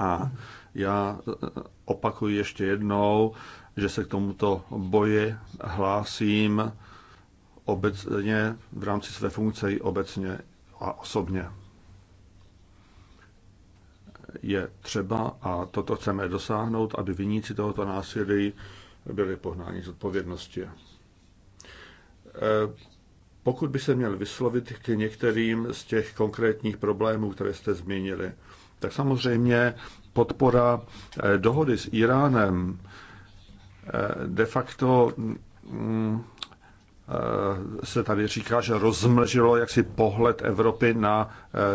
A já eh, opakuji ještě jednou, že se k tomuto boji hlásím obecně v rámci své funkce i obecně a osobně. Je třeba, a toto chceme dosáhnout, aby viníci tohoto násilí byli pohnáni z odpovědnosti. Eh, pokud by se měl vyslovit k některým z těch konkrétních problémů, které jste zmínili, tak samozřejmě podpora eh, dohody s Iránem eh, de facto mm, eh, se tady říká, že rozmlžilo jaksi pohled Evropy na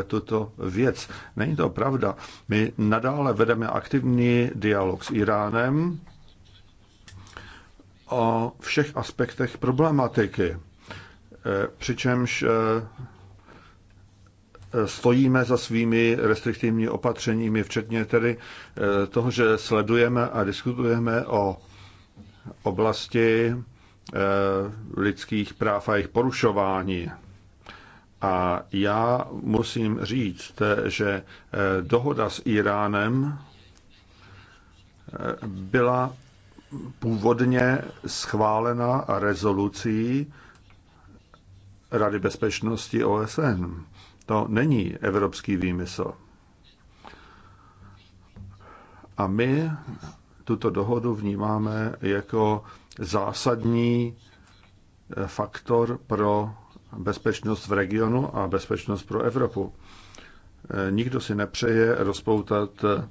tuto věc. Není to pravda. My nadále vedeme aktivní dialog s Iránem o všech aspektech problematiky. Přičemž stojíme za svými restriktivními opatřeními, včetně tedy eh, toho, že sledujeme a diskutujeme o oblasti eh, lidských práv a jejich porušování. A já musím říct, že eh, dohoda s Iránem byla původně schválena rezolucí Rady bezpečnosti OSN. To není evropský výmysl. A my tuto dohodu vnímáme jako zásadní eh, faktor pro bezpečnost v regionu a bezpečnost pro Evropu. Eh, nikdo si nepřeje rozpoutat eh,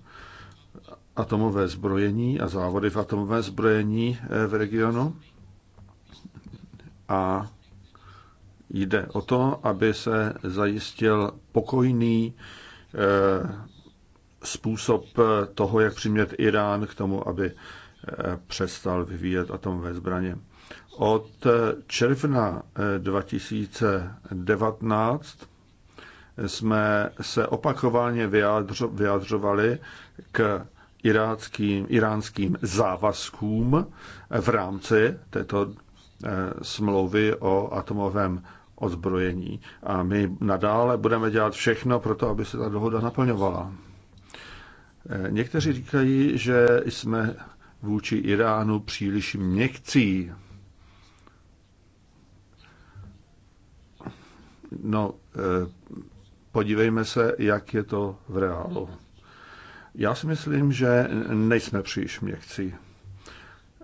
atomové zbrojení a závody v atomové zbrojení v regionu. A Jde o to, aby se zajistil pokojný eh, způsob toho, jak přimět Irán k tomu, aby eh, přestal vyvíjet atomové zbraně. Od eh, června 2019 jsme se opakovaně vyjádřo, vyjádřovali k iráckým, iránským závazkům v rámci této smlouvy o atomovém ozbrojení. A my nadále budeme dělat všechno pro to, aby se ta dohoda naplňovala. Eh, někteří říkají, že jsme vůči Iránu příliš měkcí. No, eh, podívejme se, jak je to v reálu. Já si myslím, že nejsme příliš měkcí.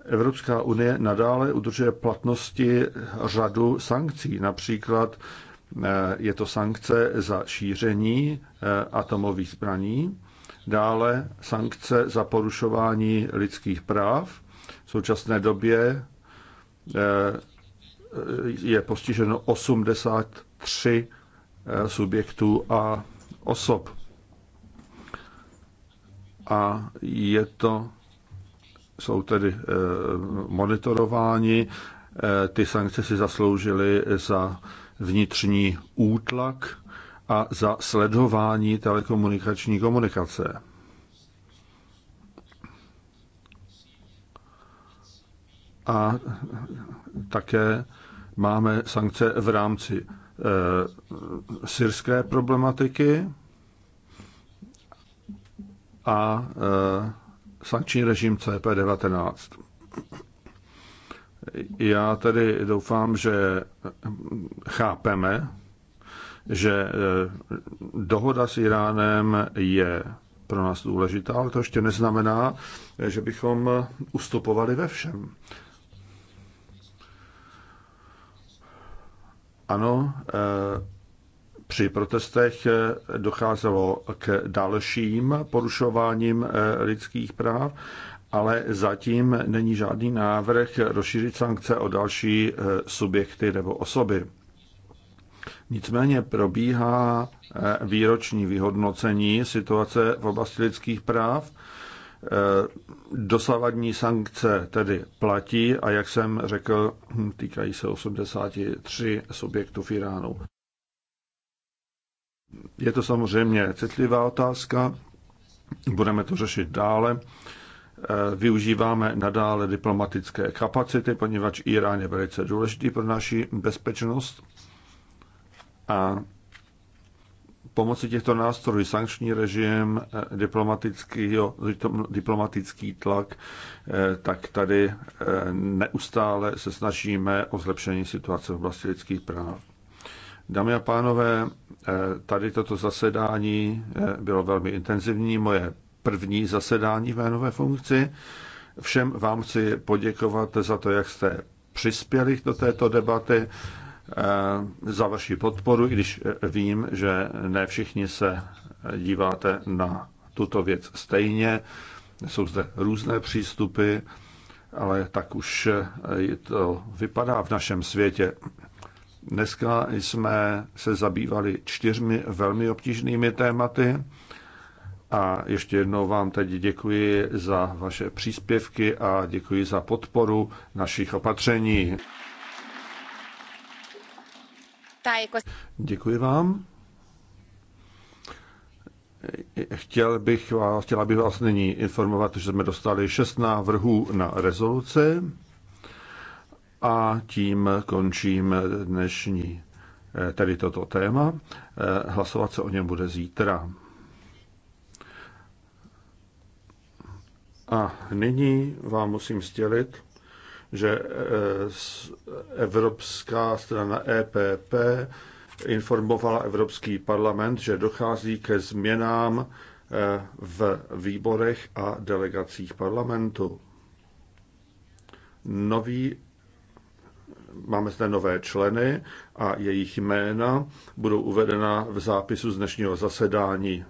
Evropská unie nadále udržuje platnosti řadu sankcí. Například eh, je to sankce za šíření eh, atomových zbraní, dále sankce za porušování lidských práv. V současné době eh, je postiženo 83 subjektů a osob. A je to jsou tedy eh, monitorováni. Eh, ty sankce si zasloužily za vnitřní útlak a za sledování telekomunikační komunikace. A také máme sankce v rámci eh, syrské problematiky a sankční režim CP19. Já tedy doufám, že chápeme, že eh, dohoda s Iránem je pro nás důležitá, ale to ještě neznamená, že bychom ustupovali ve všem. Ano, eh, při protestech docházelo k dalším porušováním eh, lidských práv, ale zatím není žádný návrh rozšířit sankce o další eh, subjekty nebo osoby. Nicméně probíhá eh, výroční vyhodnocení situace v oblasti lidských práv. Dosavadní sankce tedy platí a jak jsem řekl, týkají se 83 subjektů v Iránu. Je to samozřejmě citlivá otázka, budeme to řešit dále. Eh, využíváme nadále diplomatické kapacity, poněvadž Irán je velice důležitý pro naši bezpečnost. A pomocí těchto nástrojů, sankční režim, eh, diplomatický, jo, diplomatický tlak, eh, tak tady neustále se snažíme o zlepšení situace v oblasti lidských práv. Dámy a pánové, eh, tady toto zasedání eh, bylo velmi intenzivní, moje první zasedání v mé nové funkci. Všem vám chci poděkovat za to, jak jste přispěli do této debaty, eh, za vaši podporu, i když vím, že ne všichni se díváte na tuto věc stejně. Jsou zde různé přístupy, ale tak už to vypadá v našem světě. Dneska jsme se zabývali čtyřmi velmi obtížnými tématy a ještě jednou vám teď děkuji za vaše příspěvky a děkuji za podporu našich opatření. Děkuji vám. Chtěl bych vás, chtěla bych vás nyní informovat, že jsme dostali šest návrhů na rezoluci. A tím končím dnešní eh, tedy toto téma. Eh, hlasovat se o něm bude zítra. A nyní vám musím sdělit, že eh, Evropská strana EPP informovala Evropský parlament, že dochází ke změnám v výborech a delegacích parlamentu. Nový máme zde nové členy a jejich jména budou uvedena v zápisu z dnešního zasedání.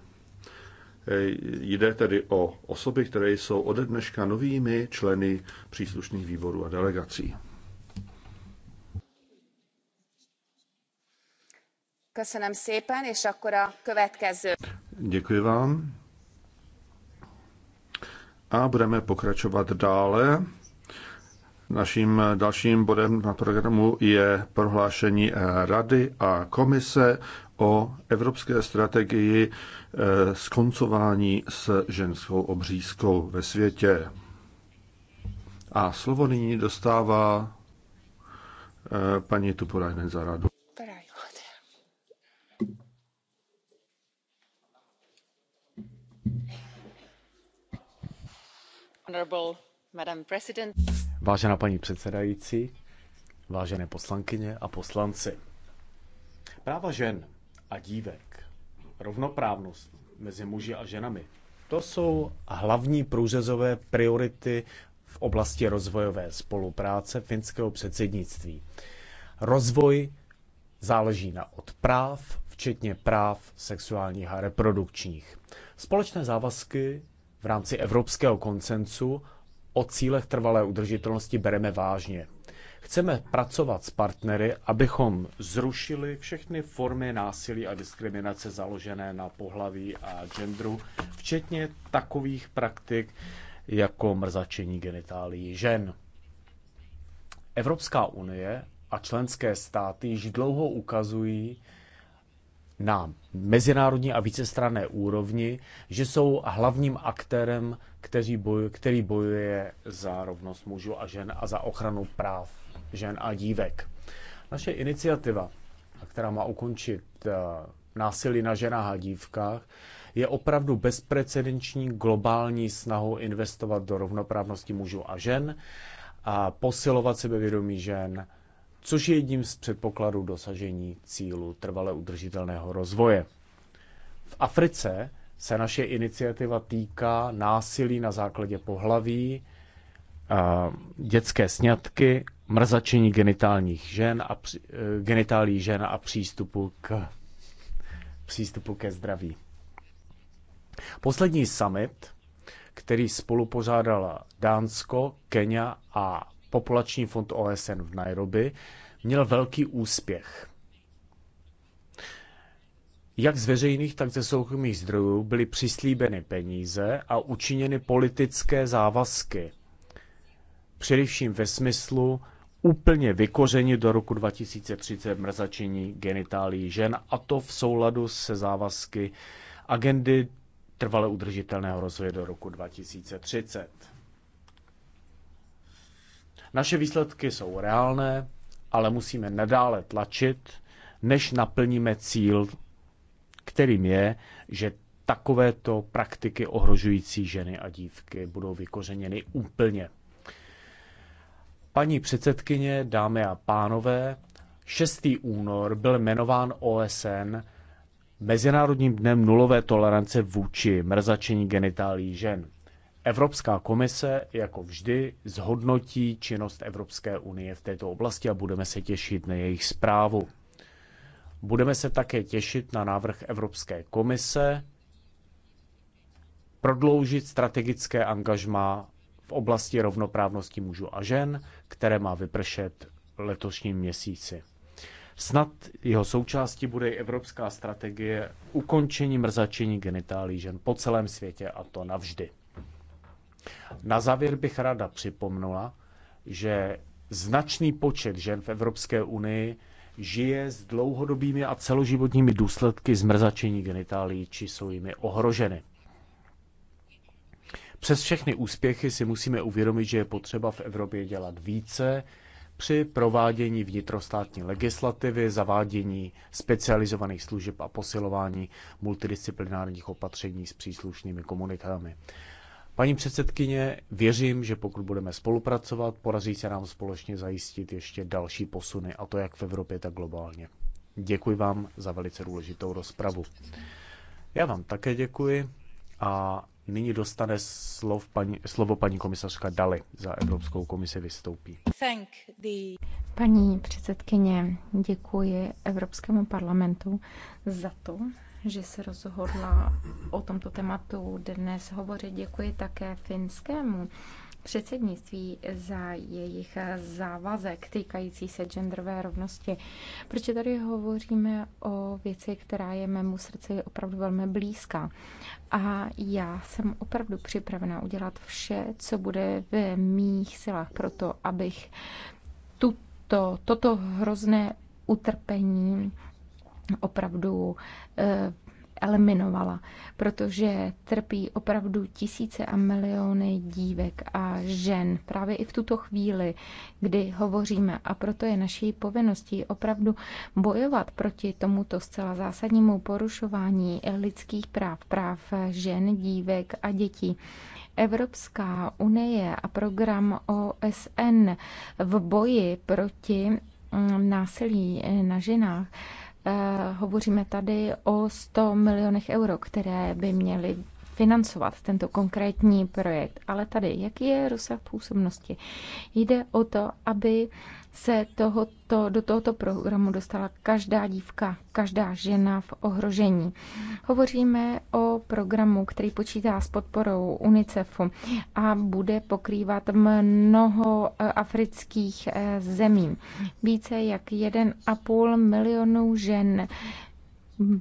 Jde tedy o osoby, které jsou ode dneška novými členy příslušných výborů a delegací. Köszönöm szépen, és akkor a következő. Děkuji vám. A budeme pokračovat dále. Naším dalším bodem na programu je prohlášení Rady a Komise o evropské strategii eh, skoncování s ženskou obřízkou ve světě. A slovo nyní dostává eh, paní Tupurajnen za radu. Honorable Madam President. Vážená paní předsedající, vážené poslankyně a poslanci, práva žen a dívek, rovnoprávnost mezi muži a ženami, to jsou hlavní průřezové priority v oblasti rozvojové spolupráce finského předsednictví. Rozvoj záleží na odpráv, včetně práv sexuálních a reprodukčních. Společné závazky v rámci evropského koncensu o cílech trvalé udržitelnosti bereme vážně. Chceme pracovat s partnery, abychom zrušili všechny formy násilí a diskriminace založené na pohlaví a genderu, včetně takových praktik jako mrzačení genitálií žen. Evropská unie a členské státy již dlouho ukazují na mezinárodní a vícestranné úrovni, že jsou hlavním aktérem kteří boju, který bojuje za rovnost mužů a žen a za ochranu práv žen a dívek. Naše iniciativa, která má ukončit eh, násilí na ženách a dívkách, je opravdu bezprecedenční globální snahou investovat do rovnoprávnosti mužů a žen a posilovat sebevědomí žen, což je jedním z předpokladů dosažení cílu trvale udržitelného rozvoje. V Africe se naše iniciativa týká násilí na základě pohlaví, dětské sňatky, mrzačení genitálních žen a e, genitálí žen a přístupu k přístupu ke zdraví. Poslední summit, který spolupořádala Dánsko, Kenya a Populační fond OSN v Nairobi, měl velký úspěch jak z veřejných, tak ze soukromých zdrojů byly přislíbeny peníze a učiněny politické závazky. Především ve smyslu úplně vykoření do roku 2030 mrzačení genitálí žen a to v souladu se závazky agendy trvale udržitelného rozvoje do roku 2030. Naše výsledky jsou reálné, ale musíme nadále tlačit, než naplníme cíl kterým je, že takovéto praktiky ohrožující ženy a dívky budou vykořeněny úplně. Paní předsedkyně, dámy a pánové, 6. únor byl jmenován OSN Mezinárodním dnem nulové tolerance vůči mrzačení genitálí žen. Evropská komise, jako vždy, zhodnotí činnost Evropské unie v této oblasti a budeme se těšit na jejich zprávu. Budeme se také těšit na návrh Evropské komise prodloužit strategické angažma v oblasti rovnoprávnosti mužů a žen, které má vypršet letošním měsíci. Snad jeho součástí bude i evropská strategie ukončení mrzačení genitálí žen po celém světě a to navždy. Na závěr bych ráda připomnula, že značný počet žen v Evropské unii žije s dlouhodobými a celoživotními důsledky zmrzačení genitálií či jsou jimi ohroženy. Přes všechny úspěchy si musíme uvědomit, že je potřeba v Evropě dělat více při provádění vnitrostátní legislativy, zavádění specializovaných služeb a posilování multidisciplinárních opatření s příslušnými komunitami. Paní předsedkyně, věřím, že pokud budeme spolupracovat, porazí se nám společně zajistit ještě další posuny, a to jak v Evropě, tak globálně. Děkuji vám za velice důležitou rozpravu. Já vám také děkuji a nyní dostane slov paní, slovo paní komisařka Dali za Evropskou komisi vystoupí. Paní předsedkyně, děkuji Evropskému parlamentu za to, že se rozhodla o tomto tématu dnes hovořit. Děkuji také finskému předsednictví za jejich závazek týkající se genderové rovnosti. Proč tady hovoříme o věci, která je mému srdci opravdu velmi blízká. A já jsem opravdu připravena udělat vše, co bude ve mých silách pro to, abych tuto, toto hrozné utrpení opravdu eh, eliminovala, protože trpí opravdu tisíce a miliony dívek a žen právě i v tuto chvíli, kdy hovoříme a proto je naší povinností opravdu bojovat proti tomuto zcela zásadnímu porušování lidských práv, práv žen, dívek a dětí. Evropská unie a program OSN v boji proti mm, násilí na ženách Eh, hovoříme tady o 100 milionech euro, které by měly financovat tento konkrétní projekt. Ale tady, jaký je rozsah působnosti? Jde o to, aby se tohoto, do tohoto programu dostala každá dívka, každá žena v ohrožení. Hovoříme o programu, který počítá s podporou UNICEFu a bude pokrývat mnoho eh, afrických eh, zemí. Více jak 1,5 milionu žen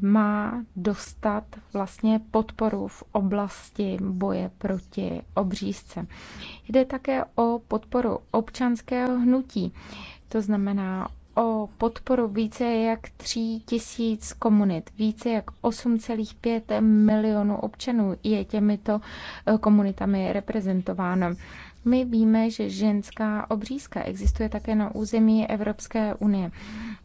má dostat vlastně podporu v oblasti boje proti obřízce. Jde také o podporu občanského hnutí, to znamená o podporu více jak 3 tisíc komunit. Více jak 8,5 milionů občanů je těmito eh, komunitami reprezentováno. My víme, že ženská obřízka existuje také na území Evropské unie.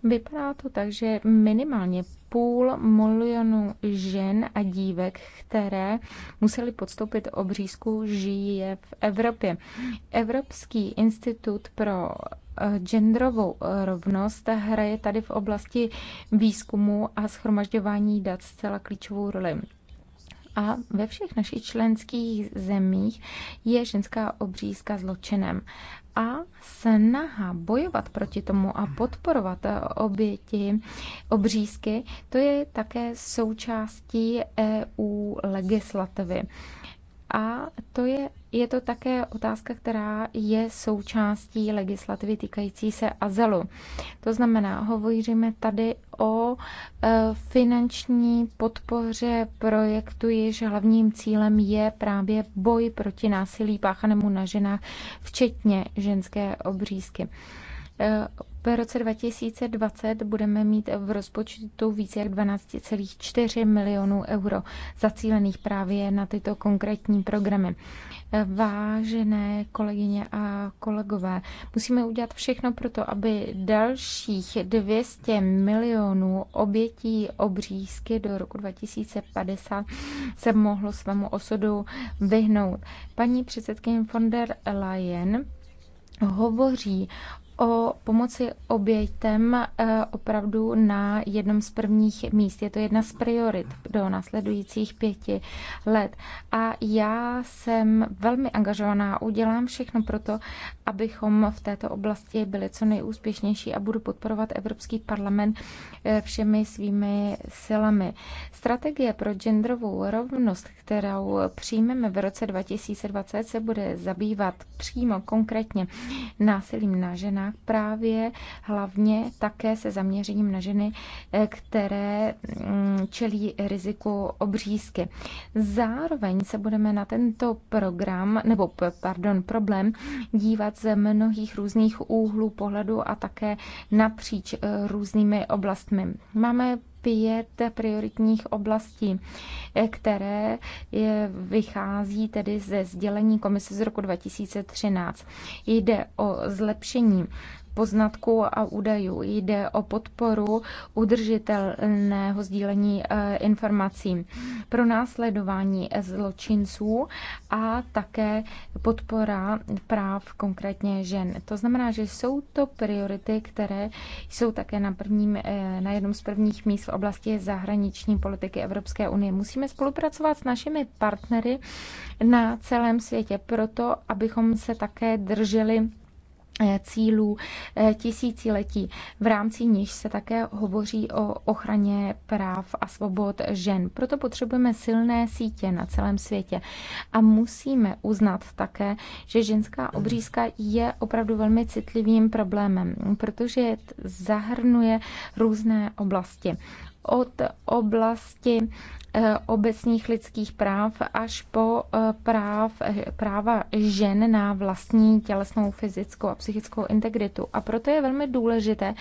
Vypadá to tak, že minimálně půl milionu žen a dívek, které museli podstoupit obřízku, žije v Evropě. Evropský institut pro eh, genderovou eh, rovnost hraje tady v oblasti výzkumu a schromažďování dat zcela klíčovou roli a ve všech našich členských zemích je ženská obřízka zločinem a snaha bojovat proti tomu a podporovat oběti, obřízky, to je také součástí EU legislativy. A to je je to také otázka, která je součástí legislativy týkající se Azelu. To znamená, hovoříme tady o e, finanční podpoře projektu, jež hlavním cílem je právě boj proti násilí páchanému na ženách, včetně ženské obřízky. E, v roce 2020 budeme mít v rozpočtu více jak 12,4 milionů euro zacílených právě na tyto konkrétní programy. Vážené kolegyně a kolegové, musíme udělat všechno pro to, aby dalších 200 milionů obětí obřízky do roku 2050 se mohlo svému osudu vyhnout. Paní předsedkyně von der Leyen hovoří o pomoci obětem eh, opravdu na jednom z prvních míst. Je to jedna z priorit do následujících pěti let. A já jsem velmi angažovaná, udělám všechno pro to, abychom v této oblasti byli co nejúspěšnější a budu podporovat Evropský parlament eh, všemi svými silami. Strategie pro genderovou rovnost, kterou přijmeme v roce 2020, se bude zabývat přímo konkrétně násilím na ženách stranách právě hlavně také se zaměřením na ženy, eh, které mm, čelí riziku obřízky. Zároveň se budeme na tento program, nebo pardon, problém dívat ze mnohých různých úhlů pohledu a také napříč eh, různými oblastmi. Máme pět prioritních oblastí, které je, vychází tedy ze sdělení komise z roku 2013. Jde o zlepšení poznatků a údajů. Jde o podporu udržitelného sdílení eh, informací pro následování zločinců a také podpora práv konkrétně žen. To znamená, že jsou to priority, které jsou také na, prvním, eh, na jednom z prvních míst v oblasti zahraniční politiky Evropské unie. Musíme spolupracovat s našimi partnery na celém světě proto, abychom se také drželi Eh, cílů eh, tisíciletí, v rámci níž se také hovoří o ochraně práv a svobod žen. Proto potřebujeme silné sítě na celém světě a musíme uznat také, že ženská obřízka je opravdu velmi citlivým problémem, protože zahrnuje různé oblasti. Od oblasti eh, obecných lidských práv až po práv, práva žen na vlastní tělesnou fyzickou a psychickou integritu. A proto je velmi důležité,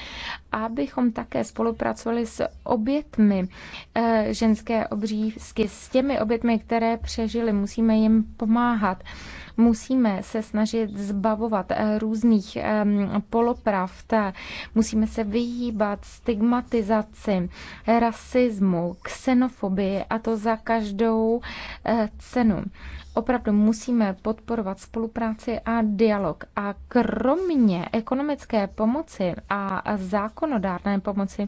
abychom také spolupracovali s obětmi eh, ženské obřízky, s těmi obětmi, které přežily. Musíme jim pomáhat. Musíme se snažit zbavovat eh, různých polopravd, musíme se vyhýbat stigmatizaci, rasismu, xenofobii a to za každou eh, cenu opravdu musíme podporovat spolupráci a dialog. A kromě ekonomické pomoci a zákonodárné pomoci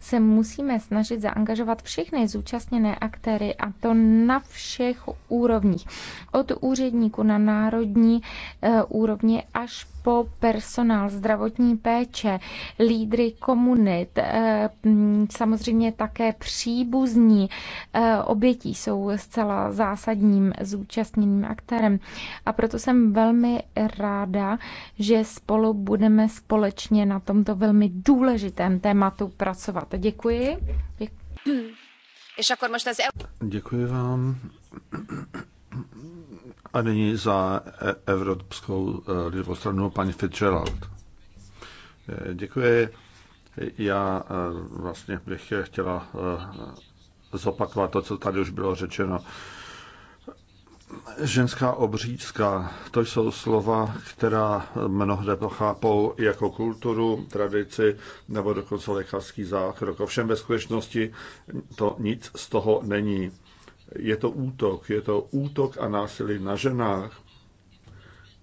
se musíme snažit zaangažovat všechny zúčastněné aktéry a to na všech úrovních. Od úředníků na národní eh, úrovni až po personál zdravotní péče, lídry komunit, eh, samozřejmě také příbuzní eh, obětí jsou zcela zásadním zúčastněným aktérem. A proto jsem velmi ráda, že spolu budeme společně na tomto velmi důležitém tématu pracovat. Děkuji. Děkuji. E Děkuji vám. A nyní za e- Evropskou e, lidovou stranu paní Fitzgerald. E, děkuji. Já vlastně bych chtěla zopakovat to, co tady už bylo řečeno. Ženská obřízka, to jsou slova, která mnohde pochápou jako kulturu, tradici nebo dokonce lékařský zákrok. Ovšem ve skutečnosti to nic z toho není. Je to útok, je to útok a násilí na ženách.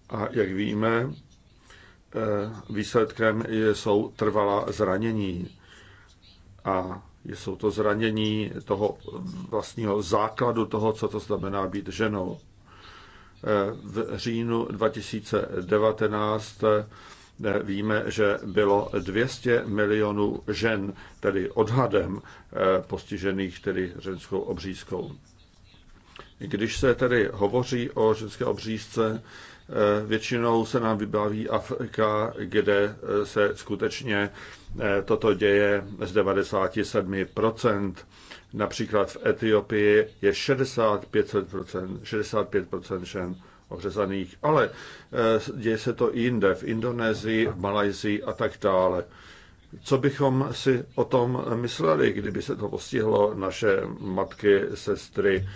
A jak víme, eh, výsledkem jsou trvalá zranění. A jsou to zranění toho vlastního základu toho, co to znamená být ženou. Eh, v říjnu 2019 eh, víme, že bylo 200 milionů žen, tedy odhadem postižených tedy ženskou obřízkou. Když se tedy hovoří o ženské obřízce, eh, většinou se nám vybaví Afrika, kde eh, se skutečně eh, toto děje z 97%. Například v Etiopii je 65%, 65% žen obřezaných, ale děje se to i jinde, v Indonésii, v Malajzii a tak dále. Co bychom si o tom mysleli, kdyby se to postihlo naše matky, sestry,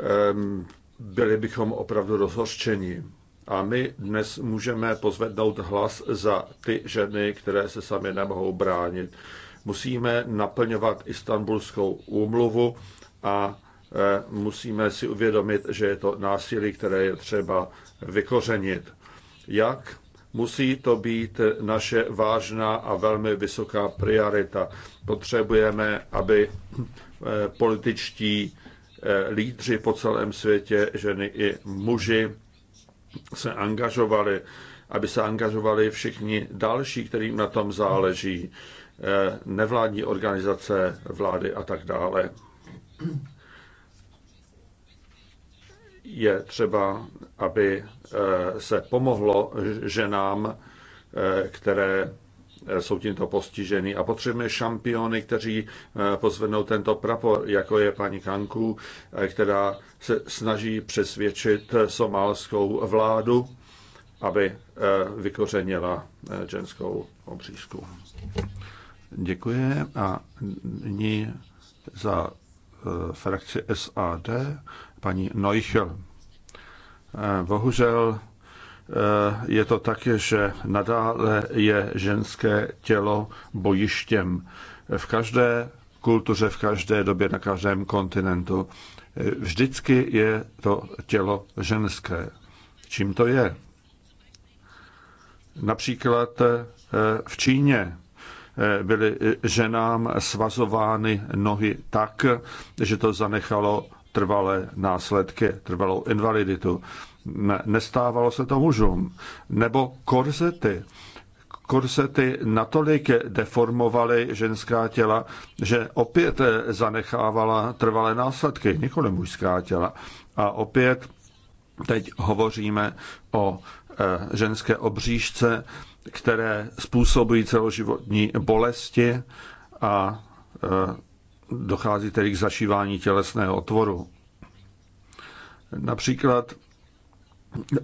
Ehm, byli bychom opravdu rozhořčeni. A my dnes můžeme pozvednout hlas za ty ženy, které se sami nemohou bránit. Musíme naplňovat Istanbulskou úmluvu a e, musíme si uvědomit, že je to násilí, které je třeba vykořenit. Jak? Musí to být naše vážná a velmi vysoká priorita. Potřebujeme, aby e, političtí Eh, lídři po celém světě, ženy i muži, se angažovali, aby se angažovali všichni další, kterým na tom záleží, eh, nevládní organizace, vlády a tak dále. Je třeba, aby eh, se pomohlo ženám, které Eh, jsou tímto postiženy. A potřebujeme šampiony, kteří eh, pozvednou tento prapor, jako je paní Kanku, eh, která se snaží přesvědčit somálskou vládu, aby vykořenila ženskou obřízku. Děkuji a nyní za frakci SAD paní Neuchel. Bohužel Eh, je to tak, že nadále je ženské tělo bojištěm v každé kultuře, v každé době, na každém kontinentu. Eh, vždycky je to tělo ženské. Čím to je? Například eh, v Číně byly ženám svazovány nohy tak, že to zanechalo trvalé následky, trvalou invaliditu nestávalo se to mužům. Nebo korzety. Korzety natolik deformovaly ženská těla, že opět eh, zanechávala trvalé následky, nikoli mužská těla. A opět teď hovoříme o eh, ženské obřížce, které způsobují celoživotní bolesti a eh, dochází tedy k zašívání tělesného otvoru. Například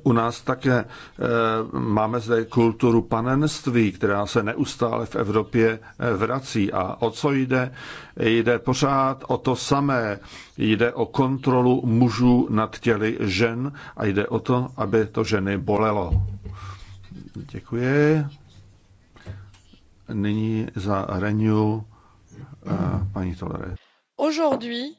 u nás také eh, máme zde kulturu panenství, která se neustále v Evropě eh, vrací. A o co jde? Jde pořád o to samé. Jde o kontrolu mužů nad těly žen a jde o to, aby to ženy bolelo. Děkuji. Nyní za Renew eh, paní Tolere. Aujourd'hui,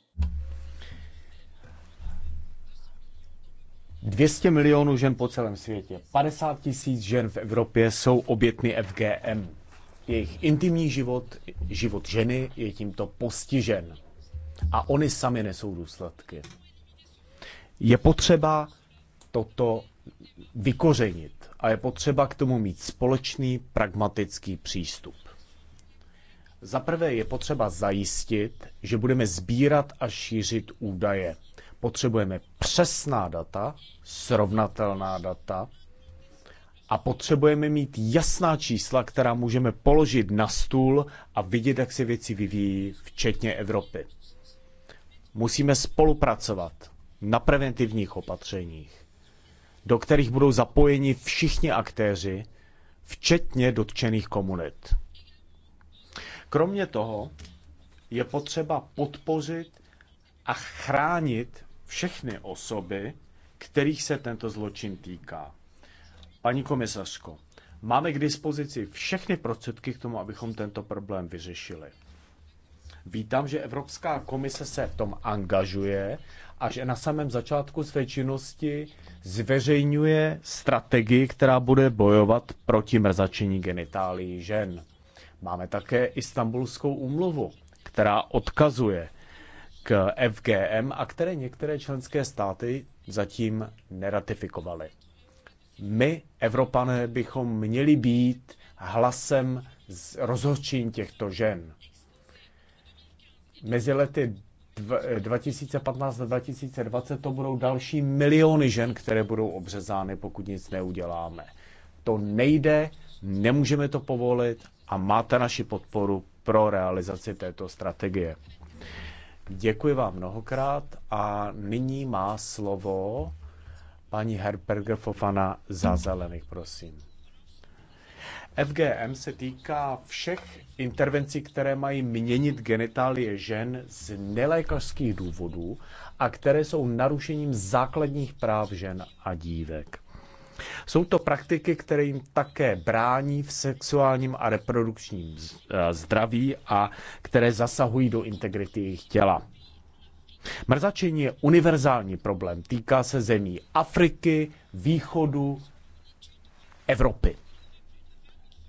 200 milionů žen po celém světě, 50 tisíc žen v Evropě jsou obětny FGM. Jejich intimní život, život ženy je tímto postižen. A oni sami nesou důsledky. Je potřeba toto vykořenit a je potřeba k tomu mít společný pragmatický přístup. Za prvé je potřeba zajistit, že budeme sbírat a šířit údaje Potřebujeme přesná data, srovnatelná data a potřebujeme mít jasná čísla, která můžeme položit na stůl a vidět, jak se věci vyvíjí, včetně Evropy. Musíme spolupracovat na preventivních opatřeních, do kterých budou zapojeni všichni aktéři, včetně dotčených komunit. Kromě toho je potřeba podpořit a chránit všechny osoby, kterých se tento zločin týká. Paní komisařko, máme k dispozici všechny prostředky k tomu, abychom tento problém vyřešili. Vítám, že Evropská komise se v tom angažuje a že na samém začátku své činnosti zveřejňuje strategii, která bude bojovat proti mrzačení genitálií žen. Máme také Istanbulskou úmluvu, která odkazuje FGM a které některé členské státy zatím neratifikovaly. My, Evropané, bychom měli být hlasem rozhodčím těchto žen. Mezi lety 2015 a 2020 to budou další miliony žen, které budou obřezány, pokud nic neuděláme. To nejde, nemůžeme to povolit a máte naši podporu pro realizaci této strategie. Děkuji vám mnohokrát a nyní má slovo paní Herberger Fofana za zelených, prosím. FGM se týká všech intervencí, které mají měnit genitálie žen z nelékařských důvodů a které jsou narušením základních práv žen a dívek. Jsou to praktiky, které jim také brání v sexuálním a reprodukčním eh, zdraví a které zasahují do integrity jejich těla. Mrzačení je univerzální problém. Týká se zemí Afriky, východu, Evropy.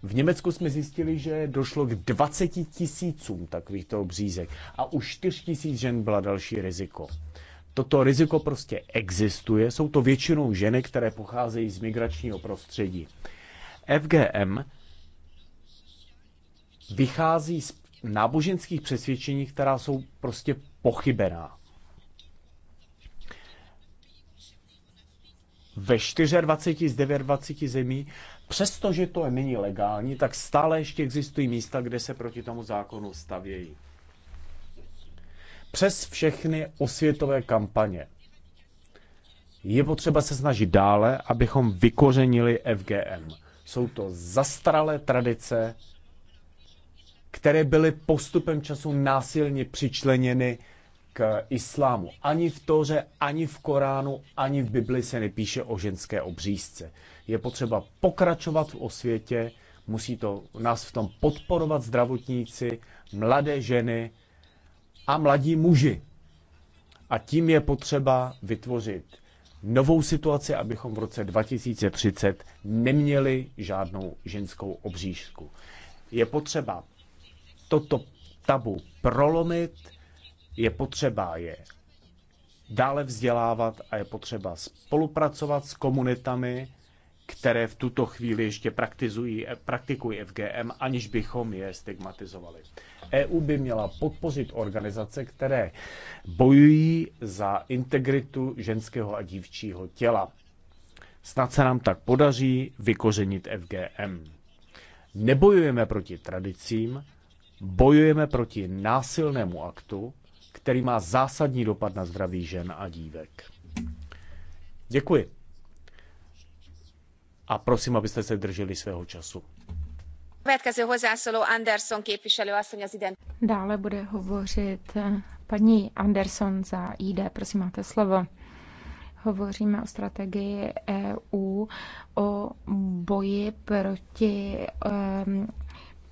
V Německu jsme zjistili, že došlo k 20 tisícům takovýchto obřízek a u 4 tisíc žen byla další riziko. Toto riziko prostě existuje, jsou to většinou ženy, které pocházejí z migračního prostředí. FGM vychází z náboženských přesvědčení, která jsou prostě pochybená. Ve 24 z 29 zemí, přestože to je není legální, tak stále ještě existují místa, kde se proti tomu zákonu stavějí přes všechny osvětové kampaně. Je potřeba se snažit dále, abychom vykořenili FGM. Jsou to zastralé tradice, které byly postupem času násilně přičleněny k islámu. Ani v Tóře, ani v Koránu, ani v Bibli se nepíše o ženské obřízce. Je potřeba pokračovat v osvětě, musí to nás v tom podporovat zdravotníci, mladé ženy, a mladí muži. A tím je potřeba vytvořit novou situaci, abychom v roce 2030 neměli žádnou ženskou obřížku. Je potřeba toto tabu prolomit, je potřeba je dále vzdělávat a je potřeba spolupracovat s komunitami, které v tuto chvíli ještě praktizují, praktikují FGM, aniž bychom je stigmatizovali. EU by měla podpořit organizace, které bojují za integritu ženského a dívčího těla. Snad se nám tak podaří vykořenit FGM. Nebojujeme proti tradicím, bojujeme proti násilnému aktu, který má zásadní dopad na zdraví žen a dívek. Děkuji a prosím, abyste se drželi svého času. Dále bude hovořit eh, paní Anderson za ID. Prosím, máte slovo hovoříme o strategii EU, o boji proti um,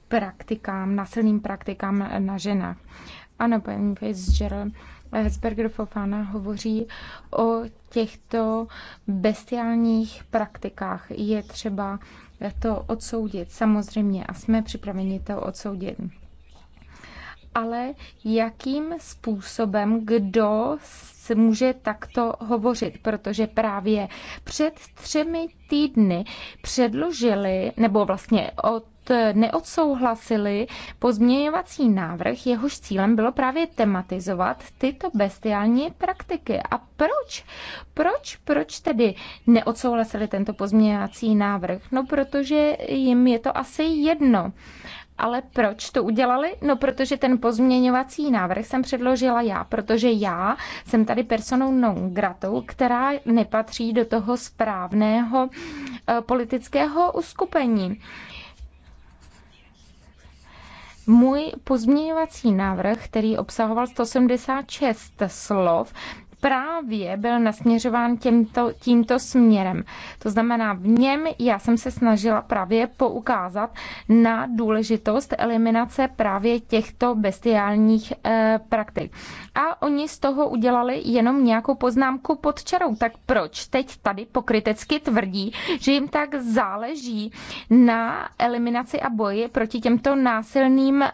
praktikám, násilným praktikám na ženách. Ano, paní Fitzgerald Herzberger Fofana hovoří o těchto bestiálních praktikách. Je třeba to odsoudit, samozřejmě, a jsme připraveni to odsoudit ale jakým způsobem kdo se může takto hovořit, protože právě před třemi týdny předložili, nebo vlastně od neodsouhlasili pozměňovací návrh, jehož cílem bylo právě tematizovat tyto bestiální praktiky. A proč? Proč? Proč tedy neodsouhlasili tento pozměňovací návrh? No, protože jim je to asi jedno. Ale proč to udělali? No, protože ten pozměňovací návrh jsem předložila já, protože já jsem tady personou non gratou, která nepatří do toho správného eh, politického uskupení. Můj pozměňovací návrh, který obsahoval 176 slov, právě byl nasměřován těmto, tímto směrem. To znamená, v něm já jsem se snažila právě poukázat na důležitost eliminace právě těchto bestiálních e, praktik. A oni z toho udělali jenom nějakou poznámku pod čarou. Tak proč teď tady pokrytecky tvrdí, že jim tak záleží na eliminaci a boji proti těmto násilným e,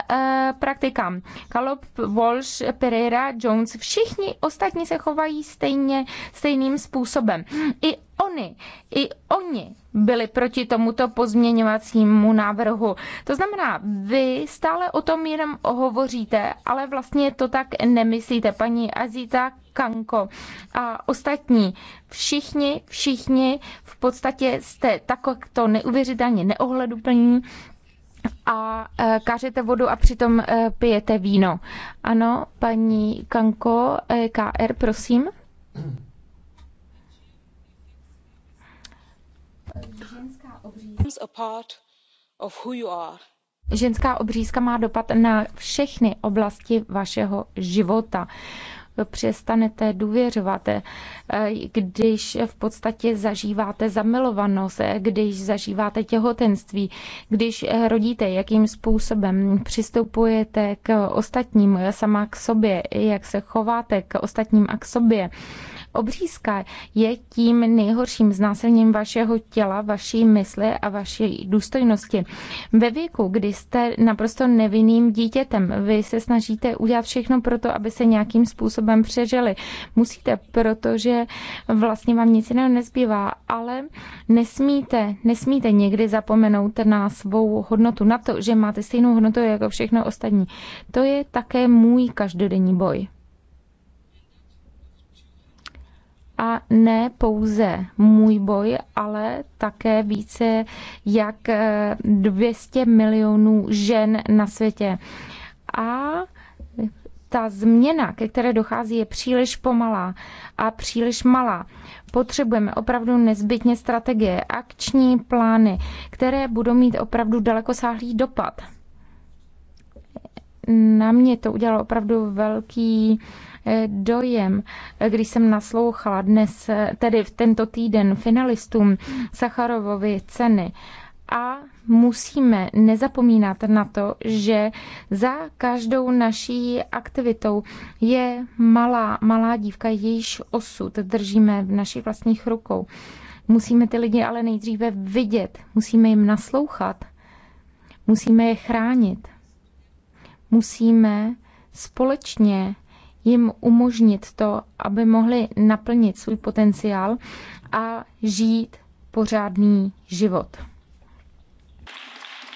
praktikám? Kalop, Walsh, Pereira, Jones, všichni ostatní se chovají chovají stejně, stejným způsobem. I oni, i oni byli proti tomuto pozměňovacímu návrhu. To znamená, vy stále o tom jenom hovoříte, ale vlastně to tak nemyslíte, paní Azita Kanko a ostatní. Všichni, všichni v podstatě jste takto neuvěřitelně neohleduplní a e, kážete vodu a přitom e, pijete víno. Ano, paní Kanko, e KR, prosím. Ženská obřízka. má dopad na všechny oblasti vašeho života přestanete důvěřovat, eh, když v podstatě zažíváte zamilovanost, eh, když zažíváte těhotenství, když eh, rodíte, jakým způsobem přistupujete k ostatním, sama k sobě, jak se chováte k ostatním a k sobě obřízka je tím nejhorším znásilněním vašeho těla, vaší mysli a vaší důstojnosti. Ve věku, kdy jste naprosto nevinným dítětem, vy se snažíte udělat všechno pro to, aby se nějakým způsobem přežili. Musíte, protože vlastně vám nic jiného nezbývá, ale nesmíte, nesmíte někdy zapomenout na svou hodnotu, na to, že máte stejnou hodnotu jako všechno ostatní. To je také můj každodenní boj. a ne pouze můj boj, ale také více jak 200 eh, milionů žen na světě. A ta změna, ke které dochází, je příliš pomalá a příliš malá. Potřebujeme opravdu nezbytně strategie, akční plány, které budou mít opravdu dalekosáhlý dopad. Na mě to udělalo opravdu velký E, dojem, když jsem naslouchala dnes, e, tedy v tento týden finalistům Sacharovovy ceny, a musíme nezapomínat na to, že za každou naší aktivitou je malá, malá dívka, jejíž osud držíme v našich vlastních rukou. Musíme ty lidi ale nejdříve vidět, musíme jim naslouchat, musíme je chránit, musíme společně jim umožnit to, aby mohli naplnit svůj potenciál a žít pořádný život.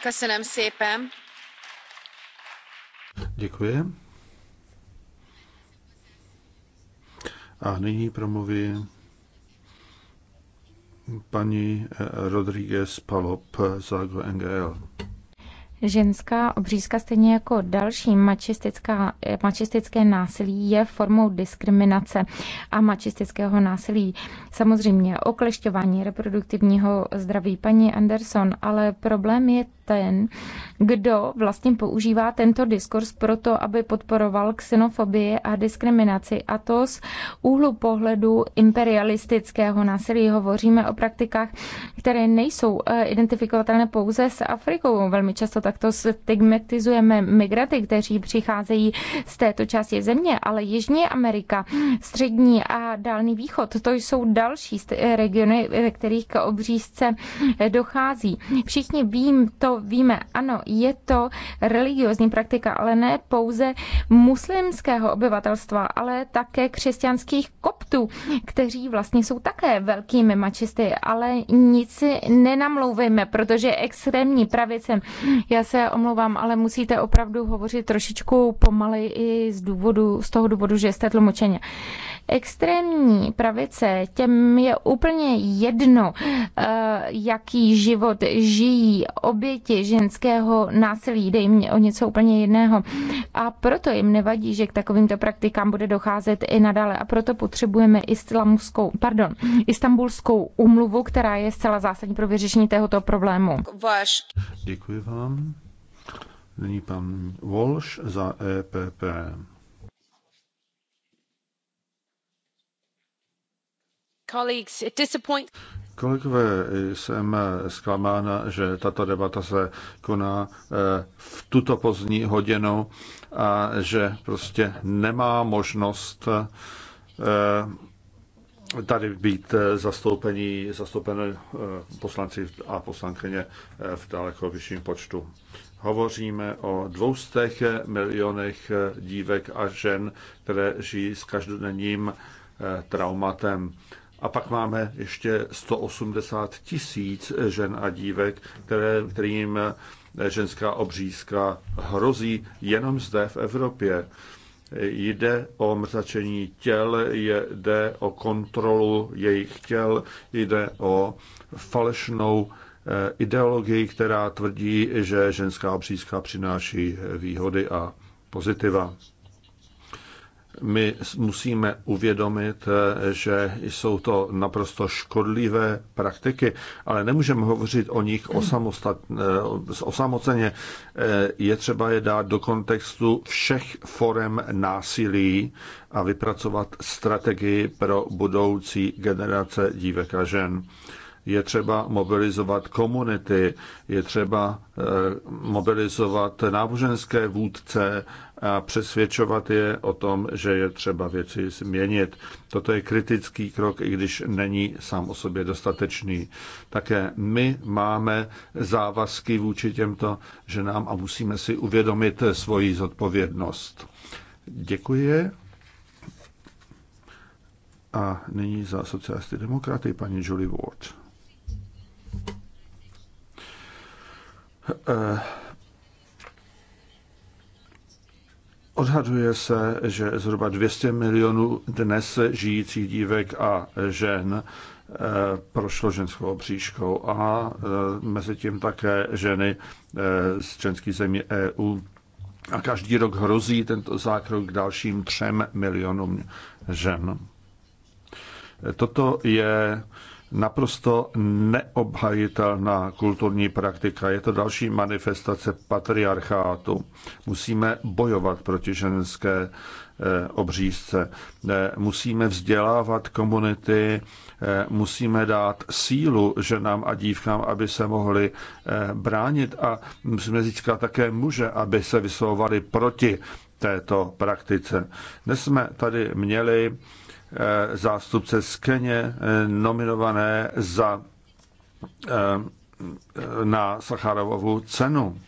Kasenem szépen. Děkuji. A nyní promluví paní Rodríguez Palop za NGL. Ženská obřízka, stejně jako další mačistické násilí, je formou diskriminace a mačistického násilí. Samozřejmě oklešťování reproduktivního zdraví paní Anderson, ale problém je ten, kdo vlastně používá tento diskurs proto, aby podporoval xenofobii a diskriminaci. A to z úhlu pohledu imperialistického násilí. Hovoříme o praktikách, které nejsou eh, identifikovatelné pouze s Afrikou. Velmi často takto stigmatizujeme migraty, kteří přicházejí z této části země, ale Jižní Amerika, Střední a Dálný východ, to jsou další regiony, ve kterých k obřízce dochází. Všichni vím, to víme, ano, je to religiozní praktika, ale ne pouze muslimského obyvatelstva, ale také křesťanských koptů, kteří vlastně jsou také velkými mačisty, ale nic si nenamlouvejme, protože extrémní pravice já se omlouvám, ale musíte opravdu hovořit trošičku pomaleji i z, důvodu, z toho důvodu, že jste tlumočeně extrémní pravice, těm je úplně jedno, eh, jaký život žijí oběti ženského násilí, jde jim o něco úplně jiného. A proto jim nevadí, že k takovýmto praktikám bude docházet i nadále. A proto potřebujeme islamskou, pardon, istambulskou umluvu, která je zcela zásadní pro vyřešení tohoto problému. Váš. Děkuji vám. Nyní pan Walsh za EPP. Kolegové, jsem zklamána, že tato debata se koná eh, v tuto pozdní hodinu a že prostě nemá možnost eh, tady být eh, zastoupení, zastoupení poslanci a poslankyně v daleko vyšším počtu. Hovoříme o 200 milionech dívek a žen, které žijí s každodenním traumatem. A pak máme ještě 180 tisíc žen a dívek, které, kterým ženská obřízka hrozí jenom zde v Evropě. Jde o mrzačení těl, jde o kontrolu jejich těl, jde o falešnou eh, ideologii, která tvrdí, že ženská obřízka přináší výhody a pozitiva my musíme uvědomit, že jsou to naprosto škodlivé praktiky, ale nemůžeme hovořit o nich eh, osamoceně. Eh, je třeba je dát do kontextu všech forem násilí a vypracovat strategii pro budoucí generace dívek a žen je třeba mobilizovat komunity, je třeba eh, mobilizovat náboženské vůdce, a přesvědčovat je o tom, že je třeba věci změnit. Toto je kritický krok, i když není sám o sobě dostatečný. Také my máme závazky vůči těmto ženám a musíme si uvědomit svoji zodpovědnost. Děkuji. A nyní za socialisty demokraty paní Julie Ward. Uh, Odhaduje se, že zhruba 200 milionů dnes žijících dívek a žen eh, prošlo ženskou příškou a eh, mezi tím také ženy eh, z členských zemí EU. A každý rok hrozí tento zákrok k dalším třem milionům žen. Toto je naprosto neobhajitelná kulturní praktika. Je to další manifestace patriarchátu. Musíme bojovat proti ženské eh, obřízce. Eh, musíme vzdělávat komunity, eh, musíme dát sílu ženám a dívkám, aby se mohli bránit a musíme získat také muže, aby se vyslovovali proti této praktice. Dnes jsme tady měli Eh, zástupce z Keně eh, nominované za, eh, na Sacharovovu cenu.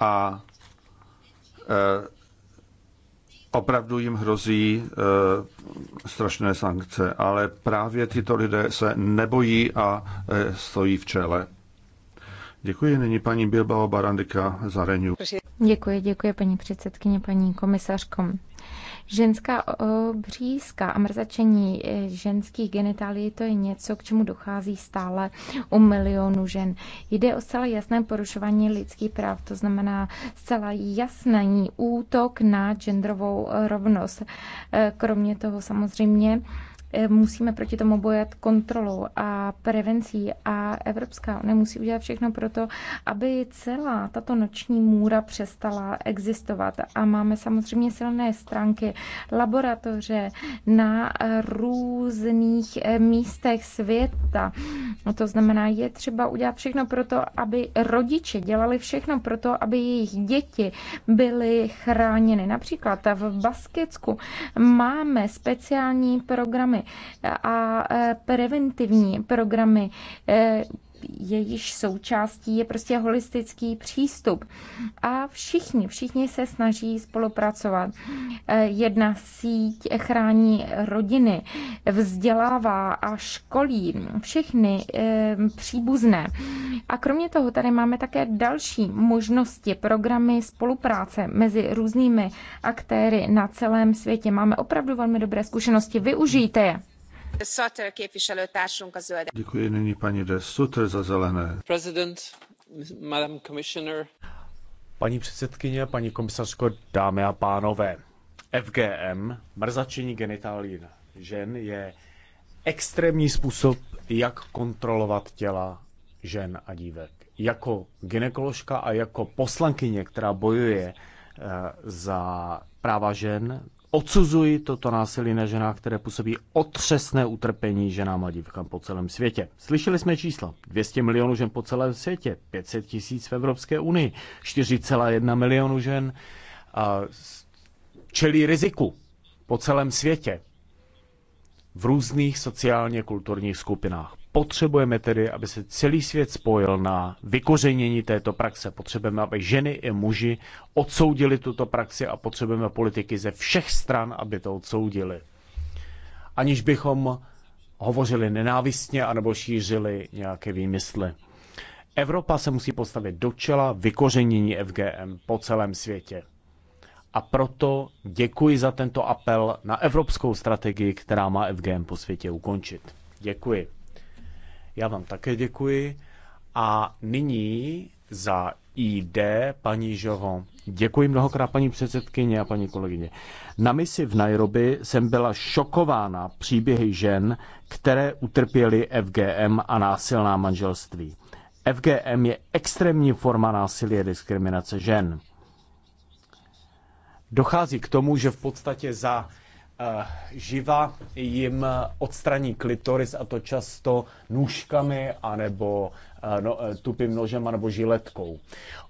A opravdu jim hrozí strašné sankce, ale právě tyto lidé se nebojí a stojí v čele. Děkuji, nyní paní Bilbao Barandika za Renew. Děkuji, děkuji paní předsedkyně, paní komisařko. Ženská obřízka a mrzačení eh, ženských genitálií to je něco, k čemu dochází stále u milionů žen. Jde o zcela jasné porušování lidských práv, to znamená zcela jasný útok na genderovou rovnost. Eh, kromě toho samozřejmě Eh, musíme proti tomu bojovat kontrolou a prevencí a Evropská unie musí udělat všechno pro to, aby celá tato noční můra přestala existovat. A máme samozřejmě silné stránky, laboratoře na různých eh, místech světa. No, to znamená, je třeba udělat všechno pro to, aby rodiče dělali všechno pro to, aby jejich děti byly chráněny. Například v Baskicku máme speciální programy a eh, preventivní programy eh, jejíž součástí je prostě holistický přístup. A všichni, všichni se snaží spolupracovat. Eh, jedna síť chrání rodiny, vzdělává a školí všechny eh, příbuzné. A kromě toho tady máme také další možnosti, programy spolupráce mezi různými aktéry na celém světě. Máme opravdu velmi dobré zkušenosti, využijte je paní de Paní předsedkyně, paní komisařko, dámy a pánové. FGM, mrzačení genitálií žen, je extrémní způsob, jak kontrolovat těla žen a dívek. Jako gynekoložka a jako poslankyně, která bojuje eh, za práva žen, Odsuzuji toto násilí na ženách, které působí otřesné utrpení ženám a dívkám po celém světě. Slyšeli jsme čísla. 200 milionů žen po celém světě, 500 tisíc v Evropské unii, 4,1 milionu žen a, čelí riziku po celém světě v různých sociálně kulturních skupinách. Potřebujeme tedy, aby se celý svět spojil na vykořenění této praxe. Potřebujeme, aby ženy i muži odsoudili tuto praxi a potřebujeme politiky ze všech stran, aby to odsoudili. Aniž bychom hovořili nenávistně anebo šířili nějaké výmysly. Evropa se musí postavit do čela vykořenění FGM po celém světě. A proto děkuji za tento apel na evropskou strategii, která má FGM po světě ukončit. Děkuji. Já vám také děkuji. A nyní za ID paní Žoho. Děkuji mnohokrát paní předsedkyně a paní kolegyně. Na misi v Nairobi jsem byla šokována příběhy žen, které utrpěly FGM a násilná manželství. FGM je extrémní forma násilí a diskriminace žen. Dochází k tomu, že v podstatě za živa jim odstraní klitoris a to často nůžkami anebo no, e, tupým nožem nebo žiletkou.